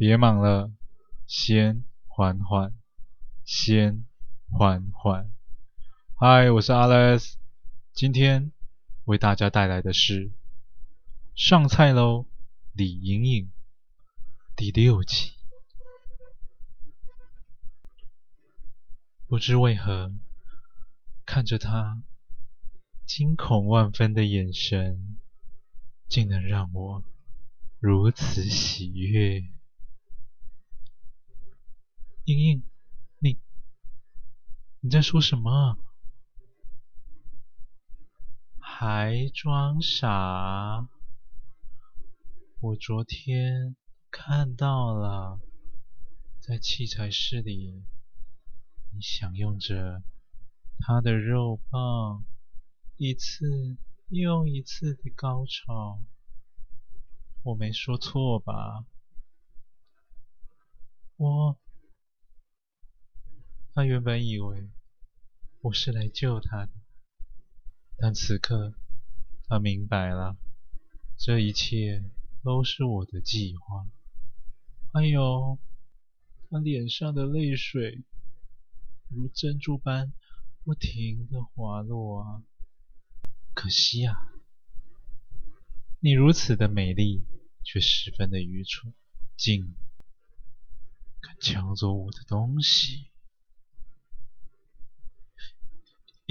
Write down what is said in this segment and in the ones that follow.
別忙了，先緩緩，先緩緩。嗨，我是 Alex，今天為大家帶來的是《上菜嘍》李瑩瑩第六集。不知為何，看着她驚恐萬分的眼神，竟能讓我如此喜悅。瑩瑩，你、你在說什麼啊？還裝傻？我昨天看到了，在器材室裡，你享用着他的肉棒，一次又一次的高潮。我沒說錯吧？我。他原本以為我是來救他的，但此刻他明白了，這一切都是我的計劃。哎呦，他臉上的淚水如珍珠般不停的滑落啊！可惜啊，你如此的美麗，卻十分的愚蠢，竟敢搶走我的東西！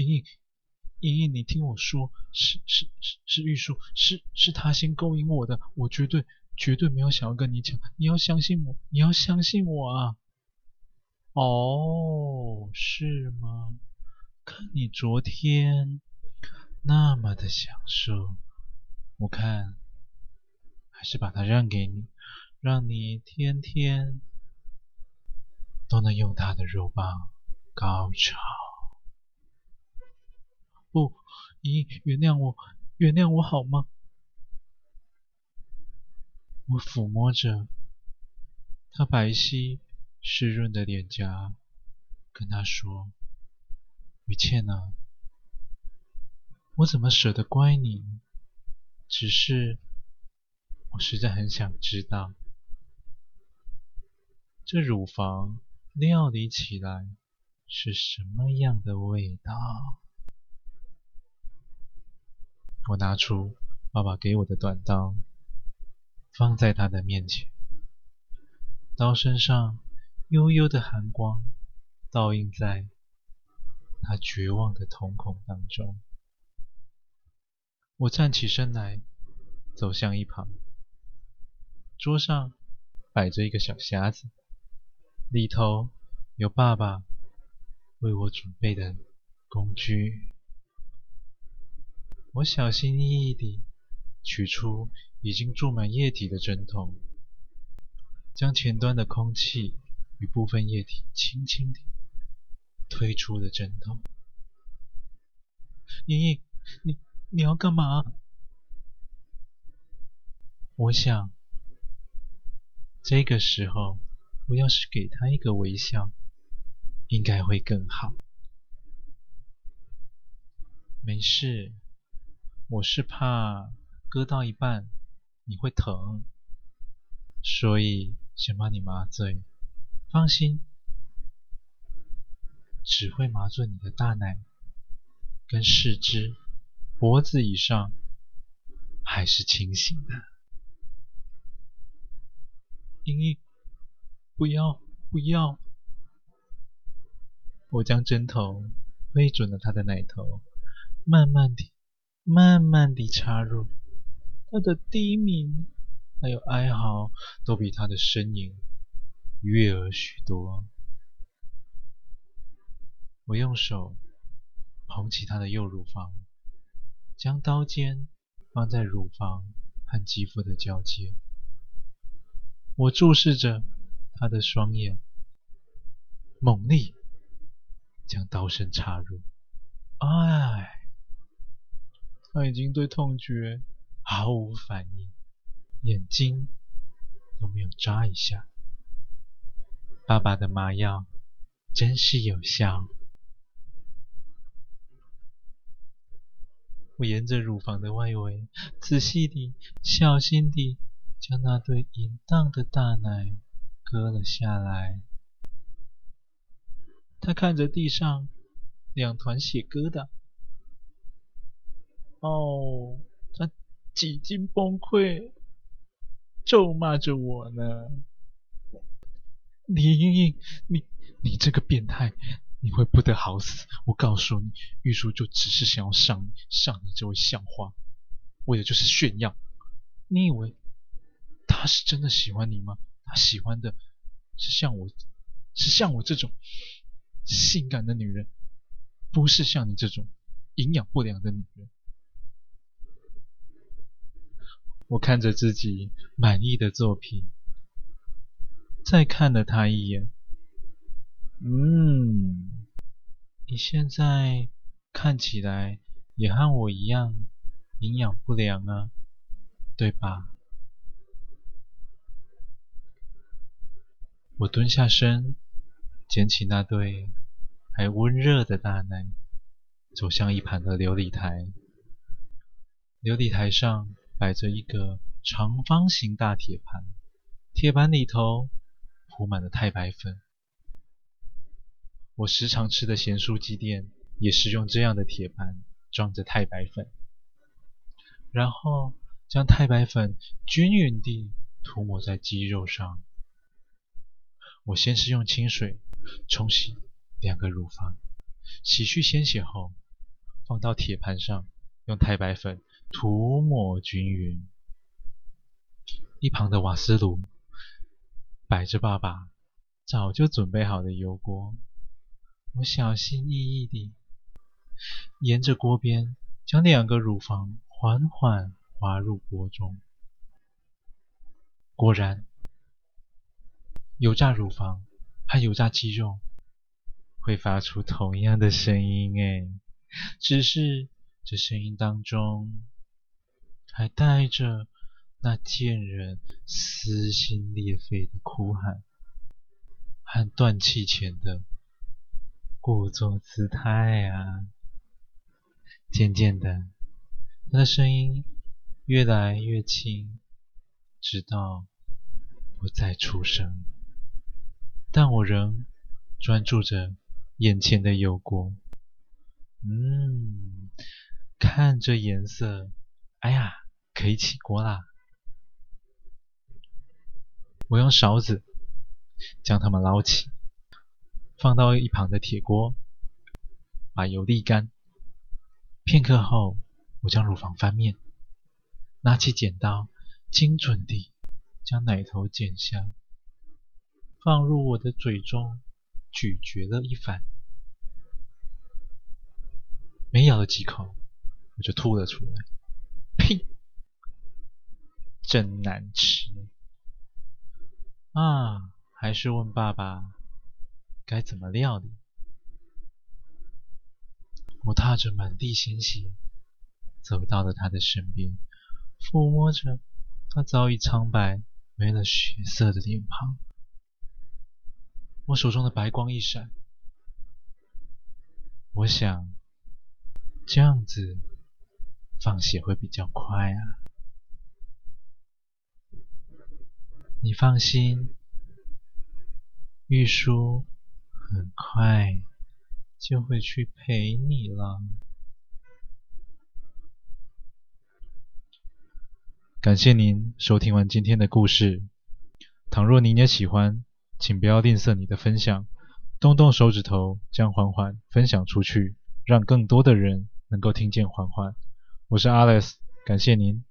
瑩瑩瑩瑩，你聽我說，是是是是玉舒，是是他先勾引我的，我絕對絕對沒有想要跟你搶，你要相信我，你要相信我啊！哦，是嗎？看你昨天那麼的享受，我看還是把他讓給你，讓你天天都能用他的肉棒高潮。咦，原諒我，原諒我好嗎？我撫摸着她白皙、濕潤的臉頰，跟她說：“語茜啊，我怎麼捨得怪你？只是我實在很想知道，這乳房料理起來是什麼樣的味道。”我拿出爸爸給我的短刀，放在他的面前。刀身上幽幽的寒光，倒映在他絕望的瞳孔當中。我站起身來，走向一旁。桌上擺着一個小匣子，裡頭有爸爸為我準備的工具。我小心翼翼地取出已經注滿液體的針筒，將前端的空氣與部分液體輕輕地推出了針頭。瑩瑩，你你要幹嘛？我想，這個時候我要是給他一個微笑，應該會更好。沒事。我是怕割到一半你會疼，所以先把你麻醉。放心，只會麻醉你的大奶跟四肢，脖子以上還是清醒的。瑩瑩，不要，不要！我將針頭對準了他的奶頭，慢慢地。慢慢地插入，他的低鳴還有哀嚎都比他的呻吟悅耳許多。我用手捧起他的右乳房，將刀尖放在乳房和肌膚的交界。我注視着他的雙眼，猛力將刀身插入。哎。他已經對痛覺毫無反應，眼睛都沒有眨一下。爸爸的麻藥真是有效。我沿着乳房的外圍，仔細地、小心地將那對淫蕩的大奶割了下來。他看着地上兩團血疙瘩。哦，他幾近崩潰，咒罵着我呢。你，你，你這個變態，你會不得好死！我告訴你，玉舒就只是想要上你，上你這位校花，為的就是炫耀。你以為他是真的喜歡你嗎？他喜歡的是像我，是像我這種性感的女人，不是像你這種營養不良的女人。我看着自己滿意的作品，再看了他一眼。嗯，你現在看起來也和我一樣營養不良啊，對吧？我蹲下身，撿起那對還溫熱的大奶，走向一旁的流理台。流理台上。擺着一個長方形大鐵盤，鐵盤裡頭鋪滿了太白粉。我時常吃的鹹酥雞店也是用這樣的鐵盤裝着太白粉，然後將太白粉均勻地塗抹在雞肉上。我先是用清水沖洗兩個乳房，洗去鮮血後，放到鐵盤上用太白粉。塗抹均勻。一旁的瓦斯爐擺着爸爸早就準備好的油鍋，我小心翼翼地沿着鍋邊將兩個乳房緩緩滑入鍋中。果然，油炸乳房和油炸雞肉會發出同樣的聲音，欸，只是這聲音當中。還帶着那賤人撕心裂肺的哭喊和斷氣前的故作姿態啊！漸漸的，他的聲音越來越輕，直到不再出聲。但我仍專注着眼前的油鍋，嗯，看這顏色，哎呀！可以起鍋啦！我用勺子將它們撈起，放到一旁的鐵鍋，把油瀝乾。片刻後，我將乳房翻面，拿起剪刀，精準地將奶頭剪下，放入我的嘴中咀嚼了一番。沒咬了幾口，我就吐了出來。真難吃啊！還是問爸爸該怎麼料理。我踏着滿地鮮血走到了他的身邊，撫摸着他早已蒼白沒了血色的臉龐。我手中的白光一閃，我想這樣子放血會比較快啊。你放心，玉舒很快就會去陪你了。感謝您收聽完今天的故事，倘若您也喜歡，請不要吝嗇你的分享，動動手指頭將緩緩分享出去，讓更多的人能夠聽見緩緩。我是 Alice，感謝您。